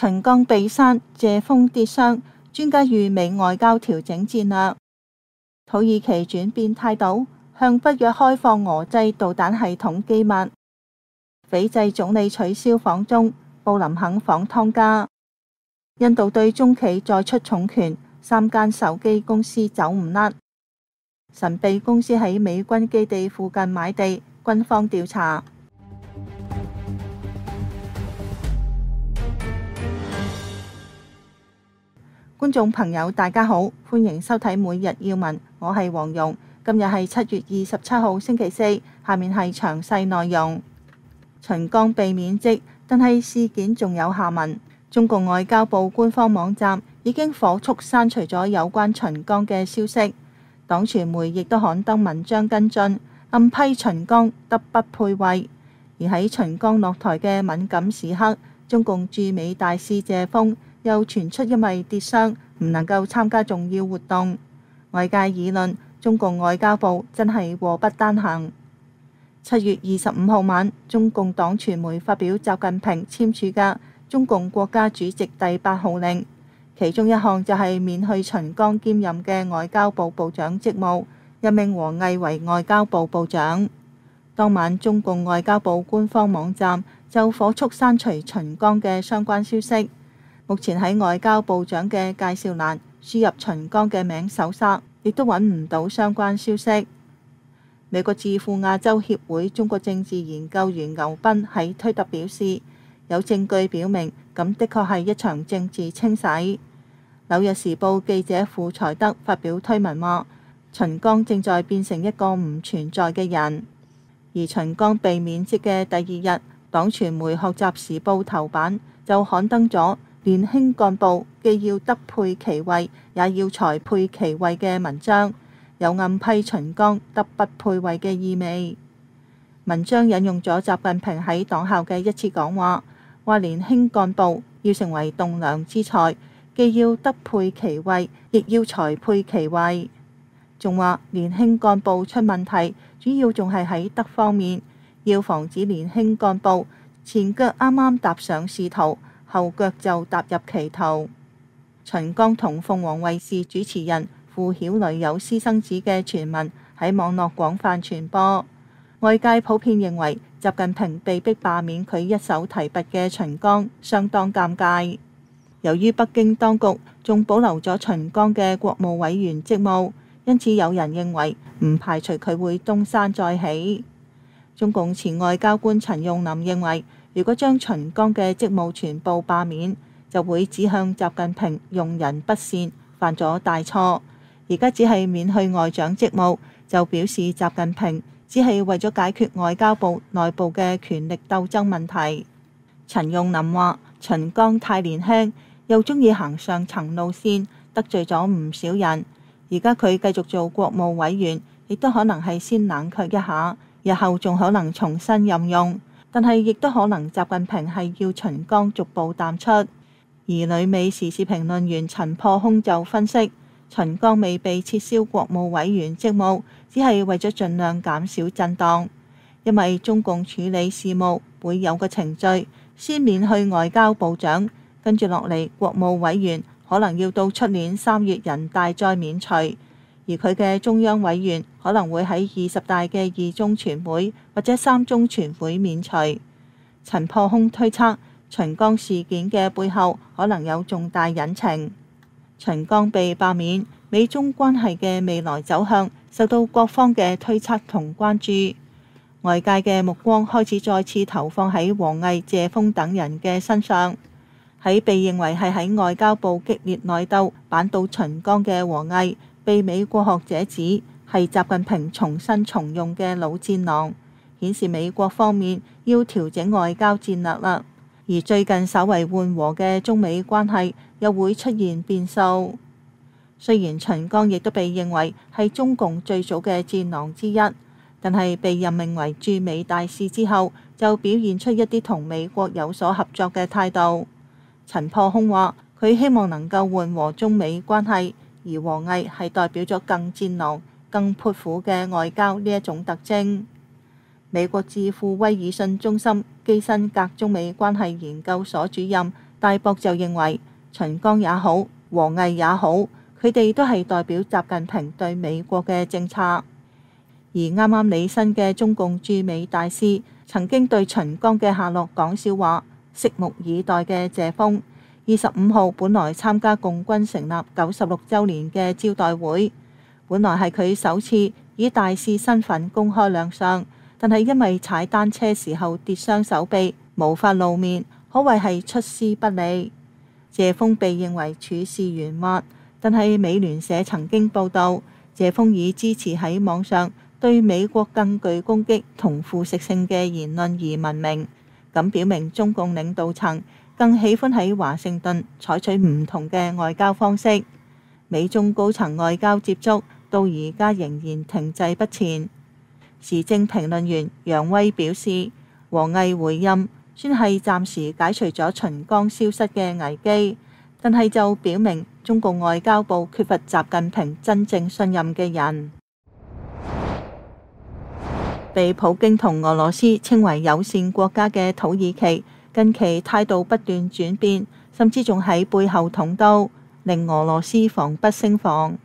秦剛被刪謝鋒跌傷，專家籲美外交調整戰略。土耳其轉變態度，向北約開放俄製導彈系統機密。斐濟總理取消訪中，布林肯訪湯加。印度對中企再出重拳，三間手機公司走唔甩。神秘公司喺美軍基地附近買地，軍方調查。觀眾朋友，大家好，歡迎收睇《每日要聞》，我係黃容。今日係七月二十七號，星期四。下面係詳細內容。秦剛被免職，但係事件仲有下文。中共外交部官方網站已經火速刪除咗有關秦剛嘅消息，黨傳媒亦都刊登文章跟進，暗批秦剛德不配位。而喺秦剛落台嘅敏感時刻，中共駐美大使謝鋒，又傳出因為跌傷唔能夠參加重要活動，外界議論中共外交部真係禍不單行。七月二十五號晚，中共黨傳媒發表習近平簽署嘅中共國家主席第八號令，其中一項就係免去秦剛兼任嘅外交部部長職務，任命王毅為外交部部長。當晚，中共外交部官方網站就火速刪除秦剛嘅相關消息。目前喺外交部長嘅介紹欄輸入秦剛嘅名搜索，亦都揾唔到相關消息。美國智庫亞洲協會中國政治研究員牛斌喺推特表示，有證據表明咁，的確、係一場政治清洗。紐約時報記者傅才德發表推文話秦剛正在變成一個唔存在嘅人。而秦剛被免職嘅第二日，黨傳媒《學習時報》頭版就刊登咗。年輕幹部既要德配其位，也要才配其位嘅文章，有暗批秦剛德不配位嘅意味。文章引用咗習近平喺黨校嘅一次講話，話年輕幹部要成為棟梁之才，既要德配其位，亦要才配其位。仲話年輕幹部出問題，主要仲係喺德方面，要防止年輕幹部前腳啱啱踏上仕途。後腳就踏入歧途，秦剛同鳳凰衛視主持人傅曉蕾有私生子嘅傳聞喺網絡廣泛傳播，外界普遍認為習近平被迫罷免佢一手提拔嘅秦剛，相當尷尬。由於北京當局仲保留咗秦剛嘅國務委員職務，因此有人認為唔排除佢會東山再起。中共前外交官陳用林認為。如果將秦剛嘅職務全部罷免，就會指向習近平用人不善犯，犯咗大錯，而家只係免去外長職務，就表示習近平只係為咗解決外交部內部嘅權力鬥爭問題。陳用林話秦剛太年輕，又中意行上層路線，得罪咗唔少人。而家佢繼續做國務委員亦都可能係先冷卻一下，日後仲可能重新任用。但係亦都可能習近平係要秦剛逐步淡出。而旅美時事評論員陳破空就分析，秦剛未被撤銷國務委員職務只係為咗盡量減少震盪，因為中共處理事務會有個程序，先免去外交部長，跟住落嚟國務委員可能要到出年三月人大再免除。而佢嘅中央委員可能會喺二十大嘅二中全會或者三中全會免除。陳破空推測秦剛事件嘅背後可能有重大隱情。秦剛被罷免，美中關係嘅未來走向受到各方嘅推測同關注。外界嘅目光開始再次投放喺王毅、謝鋒等人嘅身上。喺被認為係喺外交部激烈內鬥扳倒秦剛嘅王毅。被美國學者指係習近平重新重用嘅老戰狼，顯示美國方面要調整外交戰略啦。而最近稍為緩和嘅中美關係又會出現變數。雖然秦剛亦都被認為係中共最早嘅戰狼之一，但係被任命為駐美大使之後，就表現出一啲同美國有所合作嘅態度。陳破空話：佢希望能夠緩和中美關係。而王毅係代表咗更戰狼、更潑婦嘅外交呢一種特徵。美國智庫威爾遜中心基辛格中美關係研究所主任戴博就認為，秦剛也好，王毅也好，佢哋都係代表習近平對美國嘅政策。而啱啱離任嘅中共駐美大使曾經對秦剛嘅下落講笑話，拭目以待嘅謝鋒。二十五號本來參加共軍成立九十六週年嘅招待會，本來係佢首次以大使身份公開亮相，但係因為踩單車時候跌傷手臂，無法露面，可謂係出師不利。謝鋒被認為處事圓滑，但係美聯社曾經報道，謝鋒以支持喺網上對美國更具攻擊同腐蝕性嘅言論而聞名，咁表明中共領導層。更喜歡喺華盛頓採取唔同嘅外交方式。美中高層外交接觸到而家仍然停滯不前。時政評論員楊威表示，王毅回任算係暫時解除咗秦剛消失嘅危機，但係就表明中共外交部缺乏習近平真正信任嘅人。被普京同俄羅斯稱為友善國家嘅土耳其。近期態度不斷轉變，甚至仲喺背後捅刀，令俄羅斯防不勝防。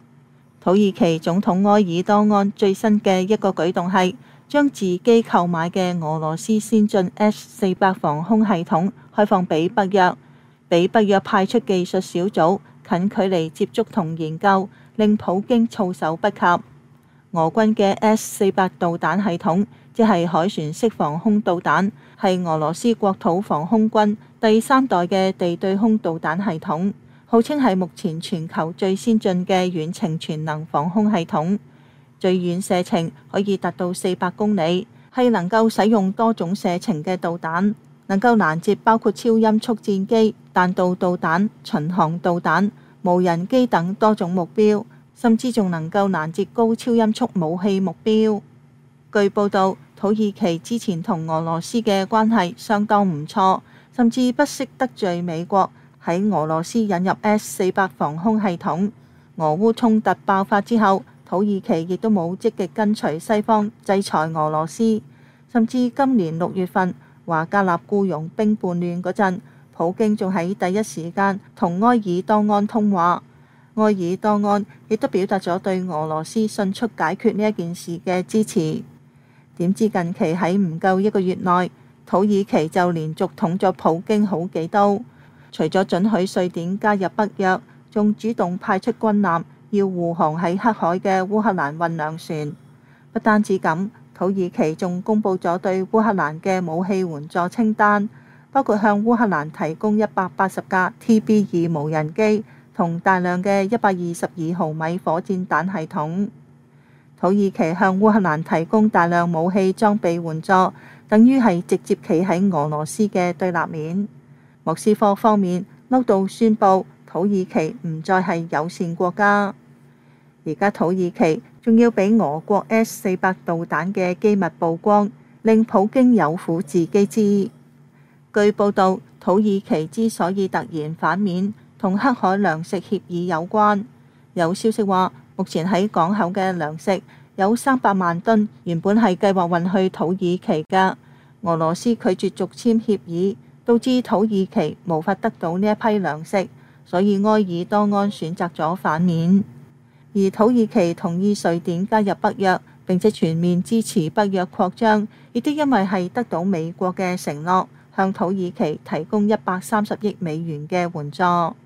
土耳其總統埃爾多安最新嘅一個舉動係將自己購買嘅俄羅斯先進 S 四百防空系統開放俾北約，俾北約派出技術小組近距離接觸同研究，令普京措手不及。俄軍嘅 S 四百導彈系統。即係海船式防空導彈，係俄羅斯國土防空軍第三代嘅地對空導彈系統，號稱係目前全球最先進嘅遠程全能防空系統，最遠射程可以達到四百公里，係能夠使用多種射程嘅導彈，能夠攔截包括超音速戰機、彈道導彈、巡航導彈、無人機等多種目標，甚至仲能夠攔截高超音速武器目標，據報道。土耳其之前同俄羅斯嘅關係相當唔錯，甚至不惜得罪美國喺俄羅斯引入 S 四百防空系統。俄烏衝突爆發之後，土耳其亦都冇積極跟隨西方制裁俄羅斯，甚至今年六月份華格納僱傭兵叛亂嗰陣，普京仲喺第一時間同埃爾多安通話，埃爾多安亦都表達咗對俄羅斯迅速解決呢一件事嘅支持。點知近期喺唔夠一個月內，土耳其就連續捅咗普京好幾刀，除咗准許瑞典加入北約，仲主動派出軍艦要護航喺黑海嘅烏克蘭運糧船。不單止咁，土耳其仲公布咗對烏克蘭嘅武器援助清單，包括向烏克蘭提供一百八十架 TB 二無人機同大量嘅一百二十二毫米火箭彈系統。土耳其向烏克蘭提供大量武器裝備援助，等於係直接企喺俄羅斯嘅對立面。莫斯科方面嬲到宣布土耳其唔再係友善國家。而家土耳其仲要俾俄國 S 四百導彈嘅機密曝光，令普京有苦自己知。據報道，土耳其之所以突然反面，同黑海糧食協議有關。有消息話。目前喺港口嘅糧食有三百萬噸，原本係計劃運去土耳其嘅。俄羅斯拒絕續簽協議，導致土耳其無法得到呢一批糧食，所以埃爾多安選擇咗反面。而土耳其同意瑞典加入北約，並且全面支持北約擴張，亦都因為係得到美國嘅承諾，向土耳其提供一百三十億美元嘅援助。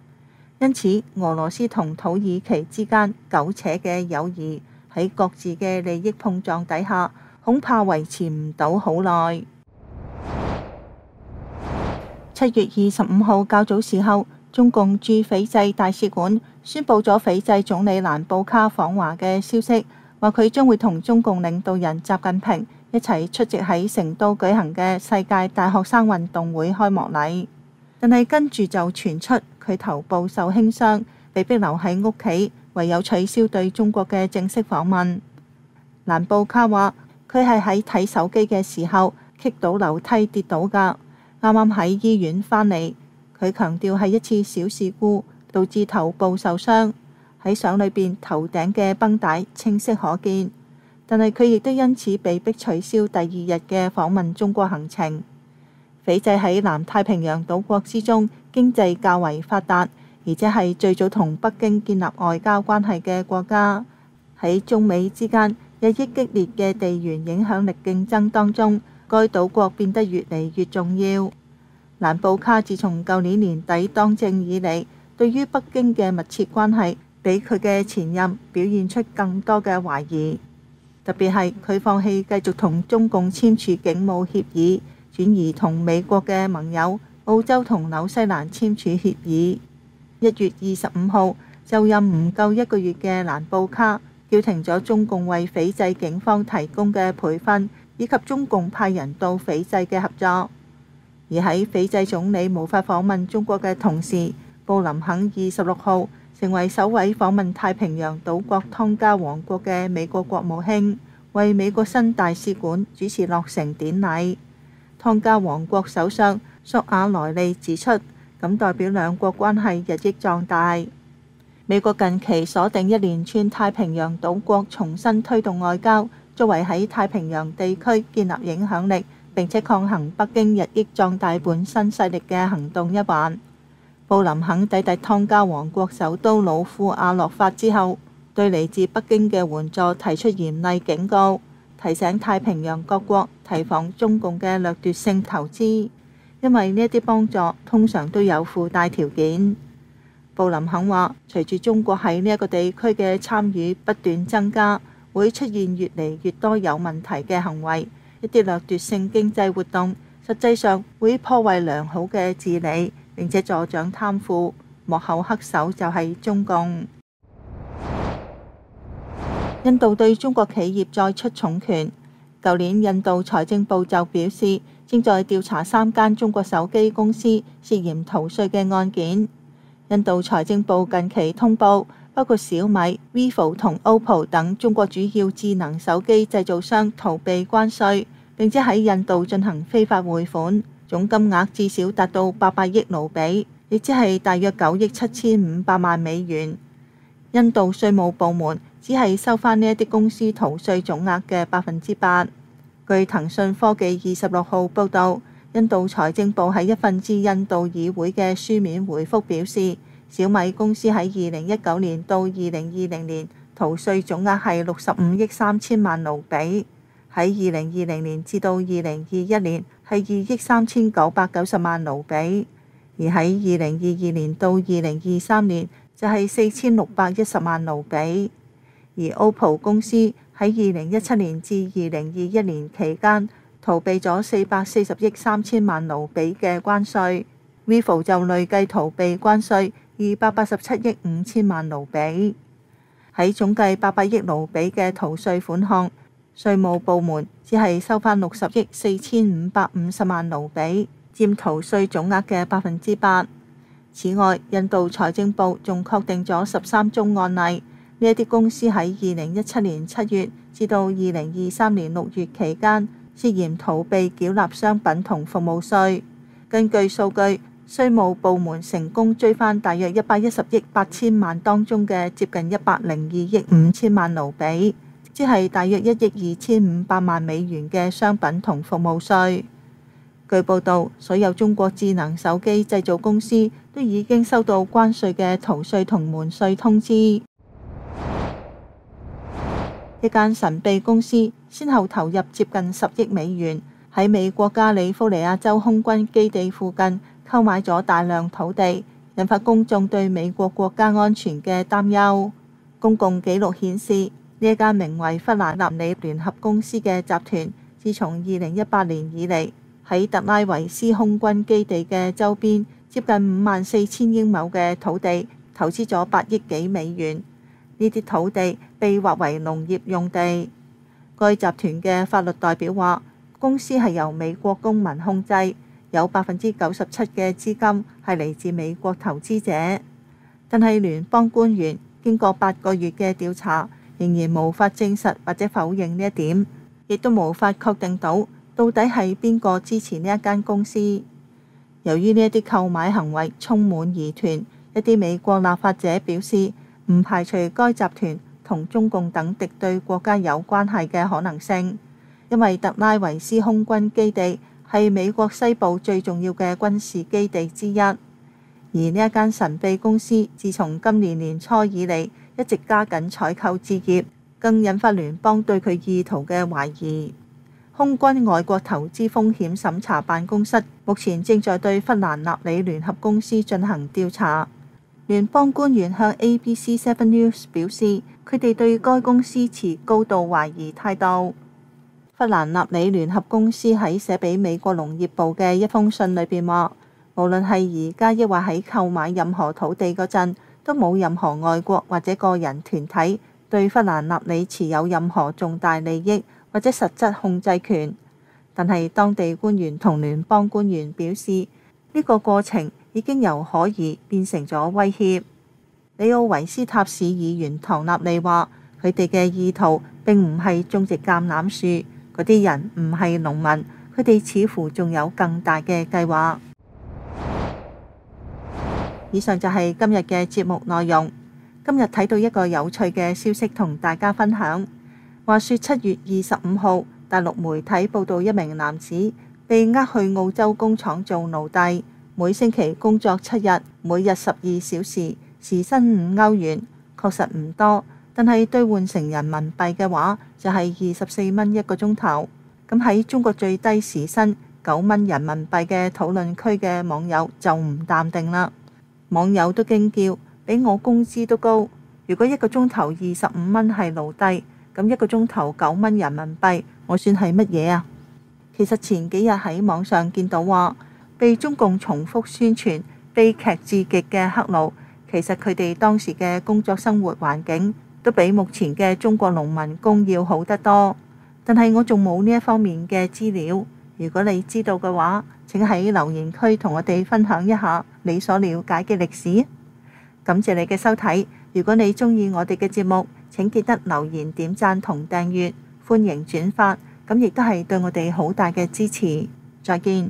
因此，俄羅斯同土耳其之間苟且嘅友誼喺各自嘅利益碰撞底下，恐怕維持唔到好耐。七月二十五號較早時候，中共駐斐濟大使館宣布咗斐濟總理蘭布卡訪華嘅消息，話佢將會同中共領導人習近平一齊出席喺成都舉行嘅世界大學生運動會開幕禮，但係跟住就傳出。佢頭部受輕傷，被逼留喺屋企，唯有取消對中國嘅正式訪問。蘭布卡話：佢係喺睇手機嘅時候，棘到樓梯跌倒噶。啱啱喺醫院返嚟，佢強調係一次小事故導致頭部受傷。喺相裏邊，頭頂嘅繃帶清晰可見，但係佢亦都因此被迫取消第二日嘅訪問中國行程。斐濟喺南太平洋島國之中，經濟較為發達，而且係最早同北京建立外交關係嘅國家。喺中美之間日益激烈嘅地緣影響力競爭當中，該島國變得越嚟越重要。蘭布卡自從舊年年底當政以嚟，對於北京嘅密切關係，比佢嘅前任表現出更多嘅懷疑，特別係佢放棄繼續同中共簽署警務協議，轉移同美國嘅盟友澳洲同紐西蘭簽署協議。一月二十五號就任唔夠一個月嘅蘭布卡叫停咗中共為斐濟警方提供嘅培訓，以及中共派人到斐濟嘅合作。而喺斐濟總理無法訪問中國嘅同時，布林肯二十六號成為首位訪問太平洋島國湯加王國嘅美國國務卿，為美國新大使館主持落成典禮。湯加王國首相索瓦萊利指出，咁代表兩國關係日益壯大。美國近期鎖定一連串太平洋島國，重新推動外交，作為喺太平洋地區建立影響力，並且抗衡北京日益壯大本身勢力嘅行動一環。布林肯抵達湯加王國首都努庫阿洛法之後，對嚟自北京嘅援助提出嚴厲警告。提醒太平洋各國提防中共嘅掠奪性投資，因為呢啲幫助通常都有附帶條件。布林肯話，隨住中國喺呢一個地區嘅參與不斷增加，會出現越嚟越多有問題嘅行為，一啲掠奪性經濟活動實際上會破壞良好嘅治理，並且助長貪腐。幕後黑手就係中共。印度對中國企業再出重拳。舊年，印度財政部就表示正在調查三間中國手機公司涉嫌逃稅嘅案件。印度財政部近期通報，包括小米、vivo 同 Oppo 等中國主要智能手機製造商逃避關稅，並且喺印度進行非法匯款，總金額至少達到八百億盧比，亦即係大約九億七千五百萬美元。印度稅務部門，只係收返呢一啲公司逃稅總額嘅百分之八。據騰訊科技二十六號報導，印度財政部喺一份致印度議會嘅書面回覆表示，小米公司喺二零一九年到二零二零年逃稅總額係六十五億三千萬盧比，喺二零二零年至到二零二一年係二億三千九百九十萬盧比，而喺二零二二年到二零二三年就係四千六百一十萬盧比。而 OPPO 公司喺二零一七年至二零二一年期間逃避咗四百四十億三千萬盧比嘅關稅，Vivo 就累計逃避關稅二百八十七億五千萬盧比。喺總計八百億盧比嘅逃稅款項，稅務部門只係收返六十億四千五百五十萬盧比，佔逃稅總額嘅百分之八。此外，印度財政部仲確定咗十三宗案例。呢一啲公司喺二零一七年七月至到二零二三年六月期間涉嫌逃避繳納商品同服務稅。根據數據，稅務部門成功追返大約一百一十億八千萬當中嘅接近一百零二億五千萬盧比，即係大約一億二千五百萬美元嘅商品同服務稅。據報道，所有中國智能手機製造公司都已經收到關稅嘅逃稅同瞞稅通知。一間神秘公司先後投入接近十億美元，喺美國加利福尼亞州空軍基地附近購買咗大量土地，引發公眾對美國國家安全嘅擔憂。公共記錄顯示，呢一間名為弗蘭納里聯合公司嘅集團，自從二零一八年以嚟，喺特拉維斯空軍基地嘅周邊接近五萬四千英畝嘅土地，投資咗八億幾美元。呢啲土地被劃為農業用地。該集團嘅法律代表話，公司係由美國公民控制，有百分之九十七嘅資金係嚟自美國投資者。但係聯邦官員經過八個月嘅調查，仍然無法證實或者否認呢一點，亦都無法確定到到底係邊個支持呢一間公司。由於呢一啲購買行為充滿疑團，一啲美國立法者表示。唔排除該集團同中共等敵對國家有關係嘅可能性，因為特拉維斯空軍基地係美國西部最重要嘅軍事基地之一。而呢一間神秘公司，自從今年年初以嚟一直加緊採購置業，更引發聯邦對佢意圖嘅懷疑。空軍外國投資風險審查辦公室目前正在對弗蘭納里聯合公司進行調查。聯邦官員向 ABC Seven News 表示，佢哋對該公司持高度懷疑態度。法蘭納里聯合公司喺寫俾美國農業部嘅一封信裏邊話，無論係而家抑或喺購買任何土地嗰陣，都冇任何外國或者個人團體對法蘭納里持有任何重大利益或者實質控制權。但係當地官員同聯邦官員表示，呢、這個過程。已經由可疑變成咗威脅。里奧維斯塔市議員唐納利話：佢哋嘅意圖並唔係種植橄欖樹，嗰啲人唔係農民，佢哋似乎仲有更大嘅計劃。以上就係今日嘅節目內容。今日睇到一個有趣嘅消息，同大家分享。話說七月二十五號，大陸媒體報道一名男子被呃去澳洲工廠做奴隸。每星期工作七日，每日十二小時，時薪五歐元，確實唔多。但係兌換成人民幣嘅話，就係二十四蚊一個鐘頭。咁喺中國最低時薪九蚊人民幣嘅討論區嘅網友就唔淡定啦。網友都驚叫：比我工資都高。如果一個鐘頭二十五蚊係奴隸，咁一個鐘頭九蚊人民幣，我算係乜嘢啊？其實前幾日喺網上見到話。被中共重複宣傳悲劇至極嘅黑奴，其實佢哋當時嘅工作生活環境都比目前嘅中國農民工要好得多。但係我仲冇呢一方面嘅資料，如果你知道嘅話，請喺留言區同我哋分享一下你所了解嘅歷史。感謝你嘅收睇，如果你鍾意我哋嘅節目，請記得留言、點讚同訂閱，歡迎轉發，咁亦都係對我哋好大嘅支持。再見。